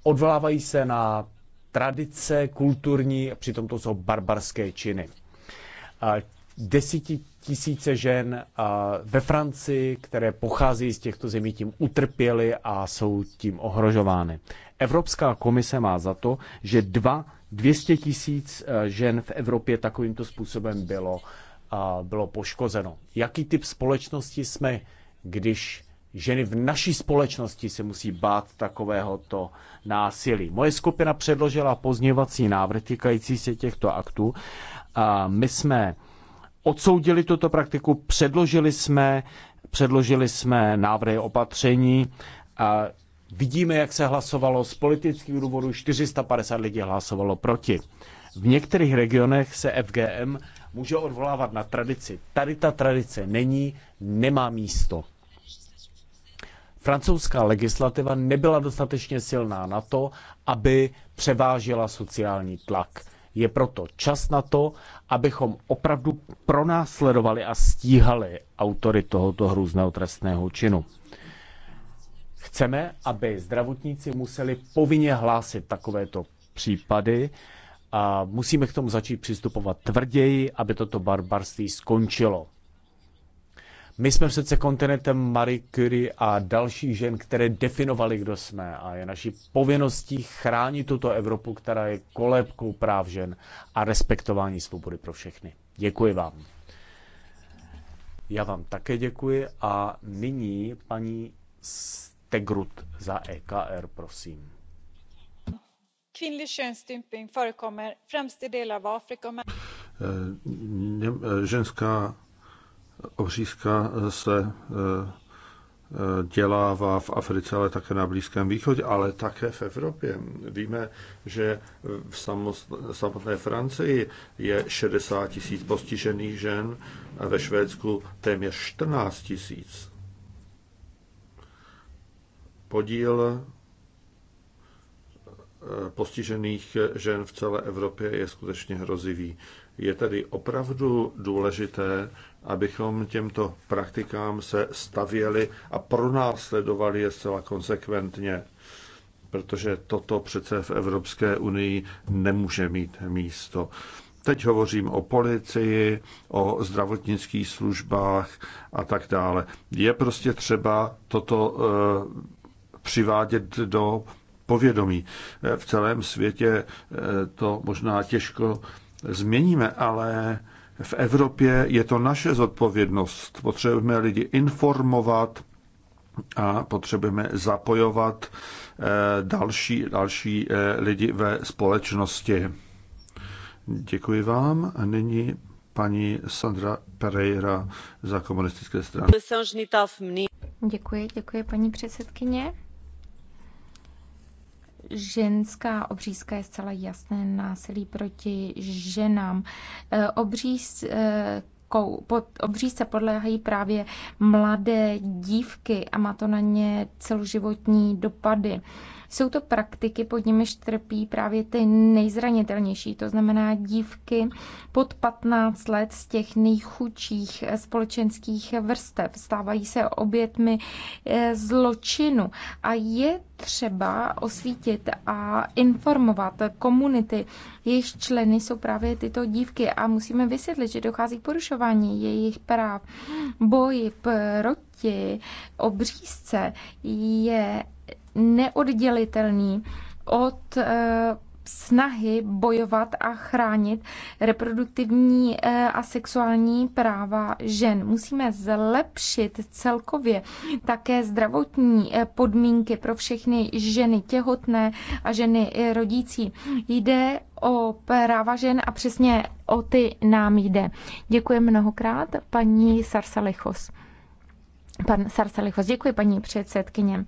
Odvolávají se na tradice kulturní, přitom to jsou barbarské činy. Desíti tisíce žen ve Francii, které pochází z těchto zemí, tím utrpěly a jsou tím ohrožovány. Evropská komise má za to, že dva 200 tisíc eh, žen v Evropě takovýmto způsobem bylo, eh, bylo poškozeno. Jaký typ společnosti jsme, když ženy v naší společnosti se musí bát takovéhoto násilí. Moje skupina předložila pozněvací návrh týkající se těchto aktů. A my jsme odsoudili tuto praktiku, předložili jsme, předložili jsme návrhy opatření, a Vidíme, jak se hlasovalo z politických důvodů, 450 lidí hlasovalo proti. V některých regionech se FGM může odvolávat na tradici. Tady ta tradice není, nemá místo. Francouzská legislativa nebyla dostatečně silná na to, aby převážila sociální tlak. Je proto čas na to, abychom opravdu pronásledovali a stíhali autory tohoto hrůzného trestného činu. Chceme, aby zdravotníci museli povinně hlásit takovéto případy a musíme k tomu začít přistupovat tvrději, aby toto barbarství skončilo. My jsme přece kontinentem Marie Curie a dalších žen, které definovali, kdo jsme. A je naší povinností chránit tuto Evropu, která je kolébkou práv žen a respektování svobody pro všechny. Děkuji vám. Já vám také děkuji a nyní paní Tegrut za EKR, prosím. Kvinnlig könsstympning förekommer främst i delar av Afrika och eh, eh, ženská obřízka se eh, dělává v Africe, ale také na Blízkém východě, ale také v Evropě. Víme, že v samotné Francii je 60 tisíc postižených žen a ve Švédsku téměř 14 tisíc podíl eh, postižených žen v celé Evropě je skutečně hrozivý. Je tedy opravdu důležité, abychom těmto praktikám se stavěli a pronásledovali je zcela konsekventně, protože toto přece v Evropské unii nemůže mít místo. Teď hovořím o policii, o zdravotnických službách a tak dále. Je prostě třeba toto eh, přivádět do povědomí. V celém světě eh, to možná těžko změníme, ale v Evropě je to naše zodpovědnost. Potřebujeme lidi informovat a potřebujeme zapojovat eh, další, další eh, lidi ve společnosti. Děkuji vám. A nyní paní Sandra Pereira za komunistické strany. Děkuji, děkuji paní předsedkyně ženská obřízka je zcela jasné násilí proti ženám. E, Obřízkou, e, pod obřízce podléhají právě mladé dívky a má to na ně celoživotní dopady. Jsou to praktiky, pod nimiž trpí právě ty nejzranitelnější, to znamená dívky pod 15 let z těch nejchudších společenských vrstev. Stávají se obětmi eh, zločinu a je třeba osvítit a informovat komunity. Jejich členy jsou právě tyto dívky a musíme vysvětlit, že dochází k porušování jejich práv. Boj proti obřízce je neoddělitelný od eh, snahy bojovat a chránit reproduktivní eh, a sexuální práva žen. Musíme zlepšit celkově také zdravotní eh, podmínky pro všechny ženy těhotné a ženy rodící. Jde o práva žen a přesně o ty nám jde. Děkuji mnohokrát, paní Sarsalichos. Pan Sarsalichos, děkuji paní předsedkyně.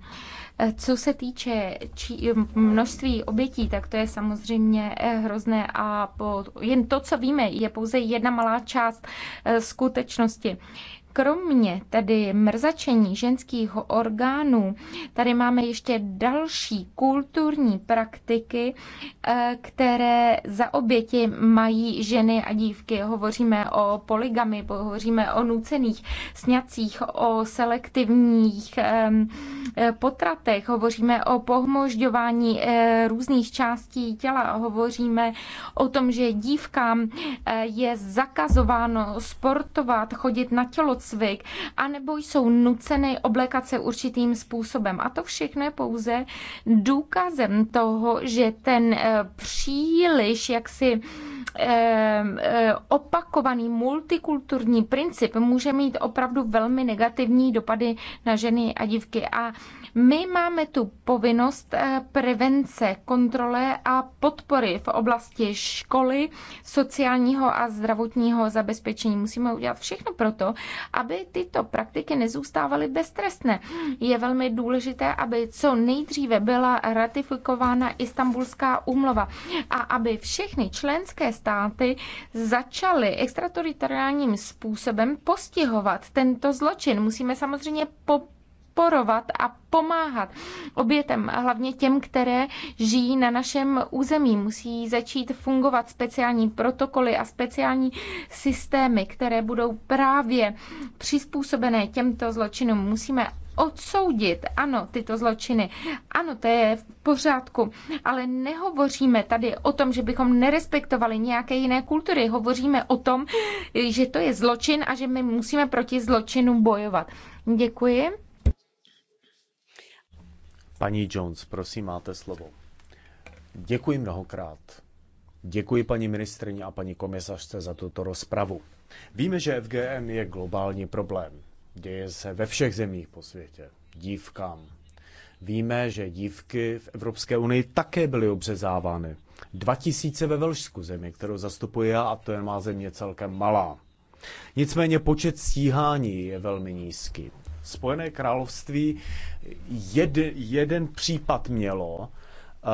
Co se týče či, množství obětí, tak to je samozřejmě eh, hrozné a po, jen to, co víme, je pouze jedna malá část eh, skutečnosti. Kromě tedy mrzačení ženských orgánů, tady máme ještě další kulturní praktiky, eh, které za oběti mají ženy a dívky. Hovoříme o poligamy, hovoříme o nucených sňacích, o selektivních eh, potratech, hovoříme o pohmožďování eh, různých částí těla, hovoříme o tom, že dívkám je zakazováno sportovat, chodit na tělo tělocvik, anebo jsou nuceny oblékat se určitým způsobem. A to všechno je pouze důkazem toho, že ten eh, příliš jaksi Eh, opakovaný multikulturní princip může mít opravdu velmi negativní dopady na ženy a dívky. A my máme tu povinnost eh, prevence, kontrole a podpory v oblasti školy, sociálního a zdravotního zabezpečení. Musíme udělat všechno proto, aby tyto praktiky nezůstávaly beztrestné. Je velmi důležité, aby co nejdříve byla ratifikována Istanbulská úmluva a aby všechny členské státy začaly extraterritoriálním způsobem postihovat tento zločin. Musíme samozřejmě po a pomáhat obětem, a hlavně těm, které žijí na našem území. Musí začít fungovat speciální protokoly a speciální systémy, které budou právě přizpůsobené těmto zločinům. Musíme odsoudit, ano, tyto zločiny. Ano, to je v pořádku, ale nehovoříme tady o tom, že bychom nerespektovali nějaké jiné kultury. Hovoříme o tom, že to je zločin a že my musíme proti zločinu bojovat. Děkuji. Paní Jones, prosím, máte slovo. Děkuji mnohokrát. Děkuji paní ministrině a paní komisařce za tuto rozpravu. Víme, že FGM je globální problém. Děje se ve všech zemích po světě. Dívkám. Víme, že dívky v Evropské unii také byly obřezávány. 2000 ve Velšsku zemi, kterou zastupuji já, a to je má země celkem malá. Nicméně počet stíhání je velmi nízký. Spojené království jed, jeden případ mělo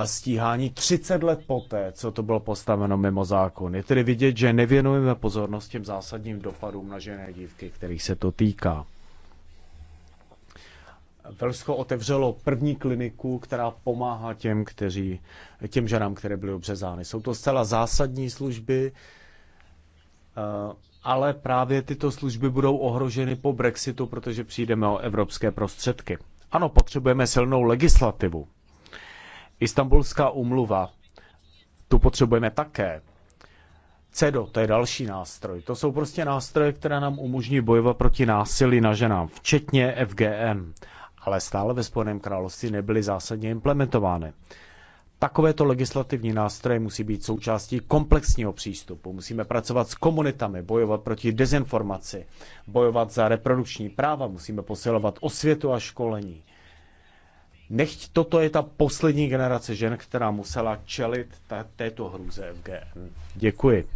stíhání 30 let poté, co to bylo postaveno mimo zákon. Je tedy vidět, že nevěnujeme pozornost těm zásadním dopadům na žené dívky, kterých se to týká. Velsko otevřelo první kliniku, která pomáhá těm, kteří, těm ženám, které byly obřezány. Jsou to zcela zásadní služby, eh, ale právě tyto služby budou ohroženy po Brexitu, protože přijdeme o evropské prostředky. Ano, potřebujeme silnou legislativu, Istanbulská umluva, tu potřebujeme také. CEDO, to je další nástroj. To jsou prostě nástroje, které nám umožní bojovat proti násilí na ženám, včetně FGM. Ale stále ve Spojeném království nebyly zásadně implementovány. Takovéto legislativní nástroje musí být součástí komplexního přístupu. Musíme pracovat s komunitami, bojovat proti dezinformaci, bojovat za reprodukční práva, musíme posilovat osvětu a školení. Nechť toto je ta poslední generace žen, která musela čelit ta, této hrůze FGN. Děkuji.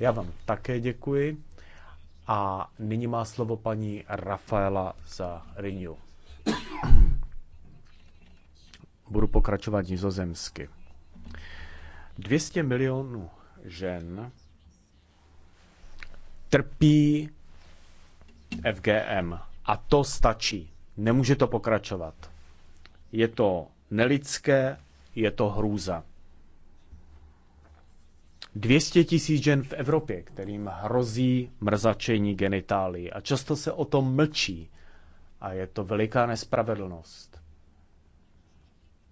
Já vám také děkuji. A nyní má slovo paní Rafaela za Renew. Budu pokračovat nizozemsky. 200 milionů žen trpí FGM a to stačí. Nemůže to pokračovat. Je to nelidské, je to hrůza. 200 tisíc žen v Evropě, kterým hrozí mrzačení genitálií a často se o tom mlčí a je to veliká nespravedlnost.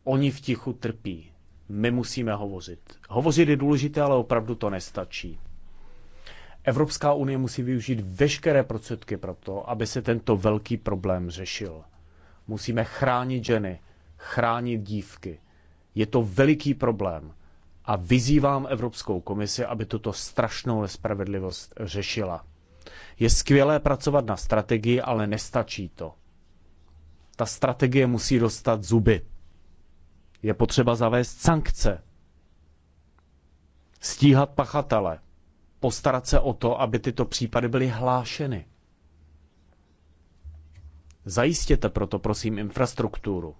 Oni v tichu trpí. My musíme hovořit. Hovořit je důležité, ale opravdu to nestačí. Evropská unie musí využít veškeré prostředky pro to, aby se tento velký problém řešil. Musíme chránit ženy, chránit dívky. Je to veliký problém a vyzývám Evropskou komisi, aby tuto strašnou nespravedlivost řešila. Je skvělé pracovat na strategii, ale nestačí to. Ta strategie musí dostat zuby. Je potřeba zavést sankce, stíhat pachatele, postarat se o to, aby tyto případy byly hlášeny. Zajistěte proto, prosím, infrastrukturu.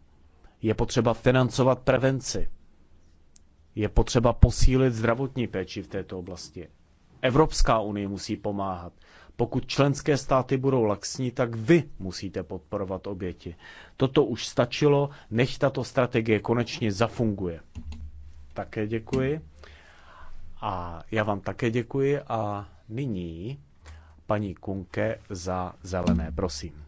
Je potřeba financovat prevenci. Je potřeba posílit zdravotní péči v této oblasti. Evropská unie musí pomáhat. Pokud členské státy budou laxní, tak vy musíte podporovat oběti. Toto už stačilo, než tato strategie konečně zafunguje. Také děkuji. A já vám také děkuji a nyní paní Kunke za zelené, prosím.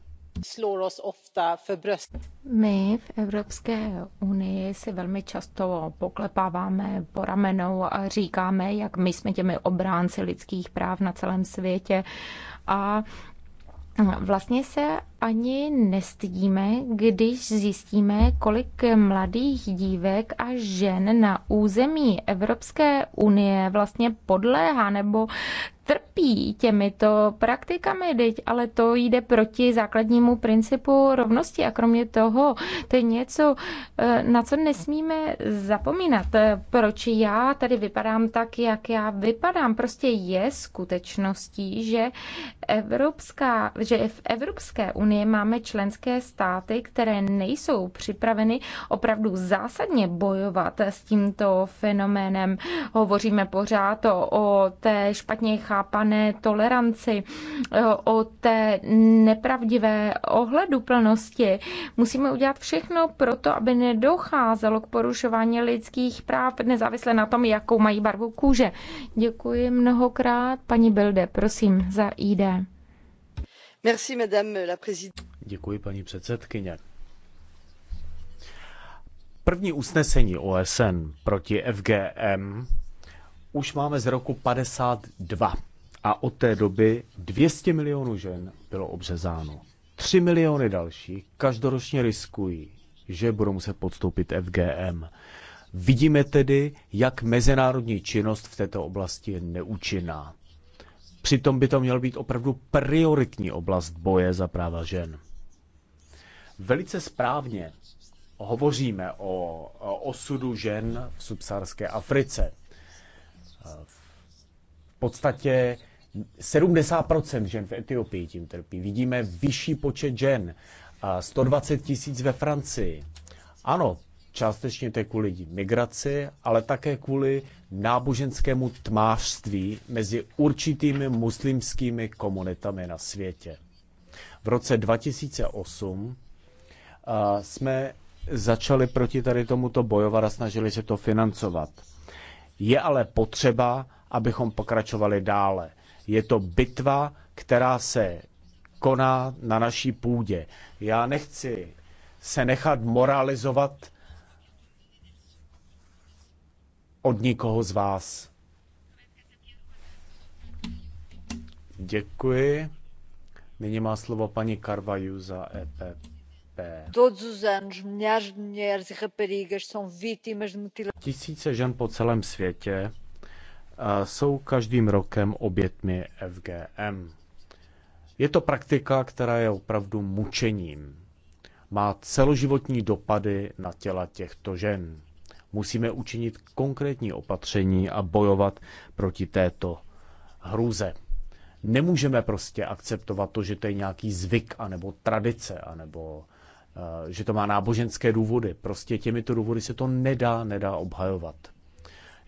My v Evropské unii si velmi často poklepáváme po ramenou a říkáme, jak my jsme těmi obránci lidských práv na celém světě. A vlastně se ani nestydíme, když zjistíme, kolik mladých dívek a žen na území Evropské unie vlastně podléhá nebo trpí těmito praktikami, deť, ale to jde proti základnímu principu rovnosti a kromě toho to je něco, eh, na co nesmíme zapomínat. Proč já tady vypadám tak, jak já vypadám? Prostě je skutečností, že, Evropská, že v Evropské unii unie máme členské státy, které nejsou připraveny opravdu zásadně bojovat s tímto fenoménem. Hovoříme pořád o, o té špatně chápané toleranci, o té nepravdivé ohleduplnosti. Musíme udělat všechno pro to, aby nedocházelo k porušování lidských práv, nezávisle na tom, jakou mají barvu kůže. Děkuji mnohokrát. Paní Bilde, prosím, za ID. Děkuji, paní předsedkyně. První usnesení OSN proti FGM už máme z roku 52 a od té doby 200 milionů žen bylo obřezáno. 3 miliony dalších každoročně riskují, že budou muset podstoupit FGM. Vidíme tedy, jak mezinárodní činnost v této oblasti je neúčinná. Přitom by to měl být opravdu prioritní oblast boje za práva žen. Velice správně hovoříme o osudu žen v subsárské Africe. V podstatě 70% žen v Etiopii tím trpí. Vidíme vyšší počet žen, 120 tisíc ve Francii. Ano, Částečně to je kvůli migraci, ale také kvůli náboženskému tmářství mezi určitými muslimskými komunitami na světě. V roce 2008 eh, jsme začali proti tady tomuto bojovat a snažili se to financovat. Je ale potřeba, abychom pokračovali dále. Je to bitva, která se koná na naší půdě. Já nechci se nechat moralizovat od nikoho z vás. Děkuji. Nyní má slovo paní Karvaju za EPP. E Tisíce žen po celém světě jsou každým rokem obětmi FGM. Je to praktika, která je opravdu mučením. Má celoživotní dopady na těla těchto žen. Musíme učinit konkrétní opatření a bojovat proti této hrůze. Nemůžeme prostě akceptovat to, že to je nějaký zvyk, anebo tradice, anebo eh, že to má náboženské důvody. Prostě těmito důvody se to nedá, nedá obhajovat.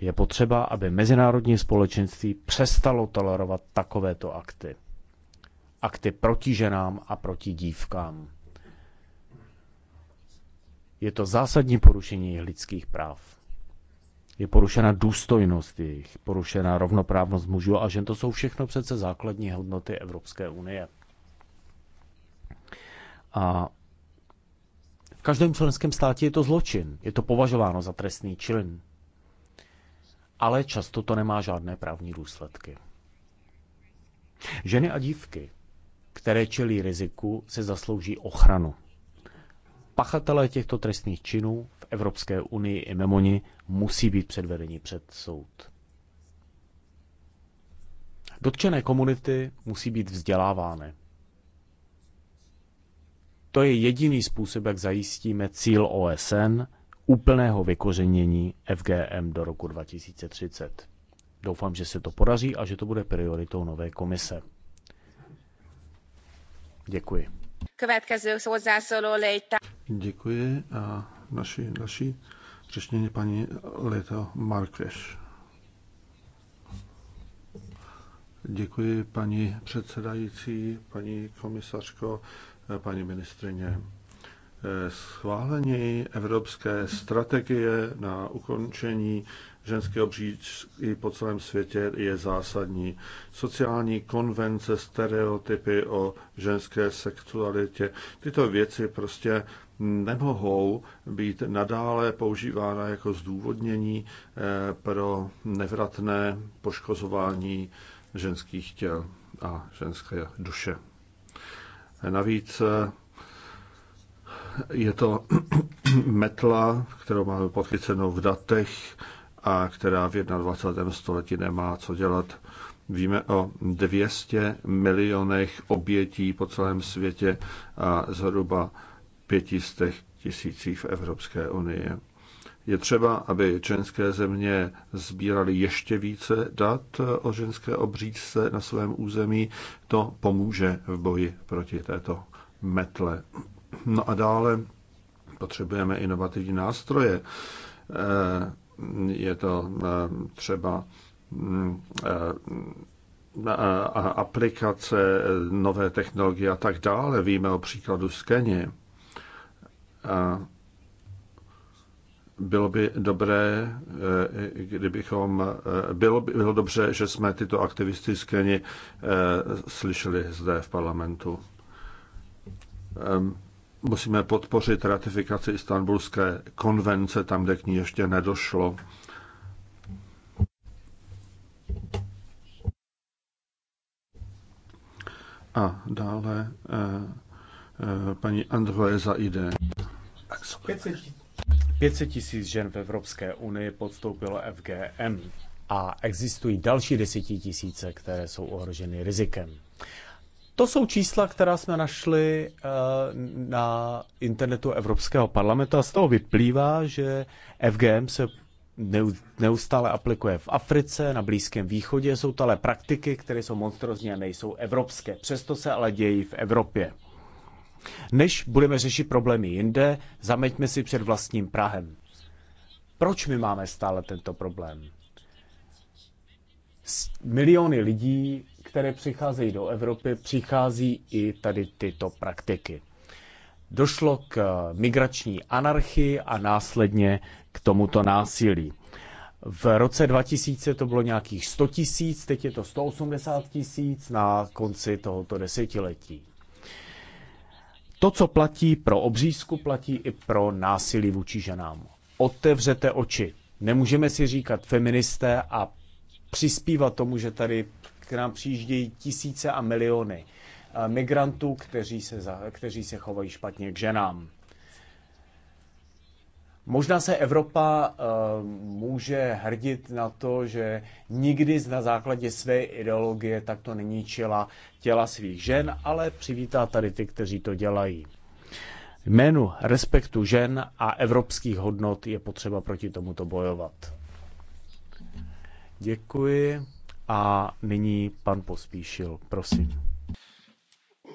Je potřeba, aby mezinárodní společenství přestalo tolerovat takovéto akty. Akty proti ženám a proti dívkám. Je to zásadní porušení jejich lidských práv. Je porušena důstojnost jejich, porušena rovnoprávnost mužů a žen. To jsou všechno přece základní hodnoty Evropské unie. A v každém členském státě je to zločin. Je to považováno za trestný čin. Ale často to nemá žádné právní důsledky. Ženy a dívky, které čelí riziku, se zaslouží ochranu pachatelé těchto trestných činů v Evropské unii i Memoni musí být předvedeni před soud. Dotčené komunity musí být vzdělávány. To je jediný způsob, jak zajistíme cíl OSN úplného vykořenění FGM do roku 2030. Doufám, že se to podaří a že to bude prioritou nové komise. Děkuji. Děkuji a naši další řečnění paní Leto Markeš. Děkuji paní předsedající, paní komisařko, paní ministrině. Schválení evropské strategie na ukončení ženského bříčky po celém světě je zásadní. Sociální konvence, stereotypy o ženské sexualitě, tyto věci prostě nemohou být nadále používána jako zdůvodnění eh, pro nevratné poškozování ženských těl a ženské duše. Navíc eh, je to metla, kterou máme podchycenou v datech a která v 21. století nemá co dělat. Víme o 200 milionech obětí po celém světě a zhruba pětistech tisících v Evropské unii. Je třeba, aby členské země sbíraly ještě více dat o ženské obřízce na svém území. To pomůže v boji proti této metle. No a dále potřebujeme inovativní nástroje. Eh, je to eh, třeba mm, eh, aplikace, nové technologie a tak dále. Víme o příkladu z Kenii bylo by dobré, eh, kdybychom, eh, bylo, by, bylo dobře, že jsme tyto aktivisty skrni eh, slyšeli zde v parlamentu. Ehm, musíme podpořit ratifikaci Istanbulské konvence tam, kde k ní ještě nedošlo. A dále paní Androje za ide. 500 tisíc žen v Evropské unii podstoupilo FGM a existují další desetitisíce, které jsou ohroženy rizikem. To jsou čísla, která jsme našli eh, na internetu Evropského parlamentu a z toho vyplývá, že FGM se neustále aplikuje v Africe, na Blízkém východě. Jsou to ale praktiky, které jsou monstrozní a nejsou evropské. Přesto se ale dějí v Evropě. Než budeme řešit problémy jinde, zameďme si před vlastním Prahem. Proč my máme stále tento problém? Miliony lidí, které přicházejí do Evropy, přichází i tady tyto praktiky. Došlo k migrační anarchii a následně k tomuto násilí. V roce 2000 to bylo nějakých 100 tisíc, teď je to 180 tisíc na konci tohoto desetiletí. To, co platí pro obřízku, platí i pro násilí vůči ženám. Otevřete oči. Nemůžeme si říkat feministé a přispívat tomu, že tady k nám přijíždějí tisíce a miliony eh, migrantů, kteří se, kteří se chovají špatně k ženám. Možná se Evropa eh, může hrdit na to, že nikdy na základě své ideologie takto neníčila těla svých žen, ale přivítá tady ty, kteří to dělají. Jménu respektu žen a evropských hodnot je potřeba proti tomuto bojovat. Děkuji a nyní pan Pospíšil, prosím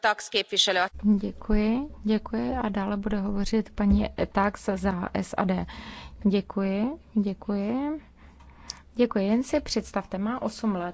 tax Děkuji, děkuji a dále bude hovořit paní tax za SAD. Děkuji, děkuji. Děkuji, jen si představte, má 8 let.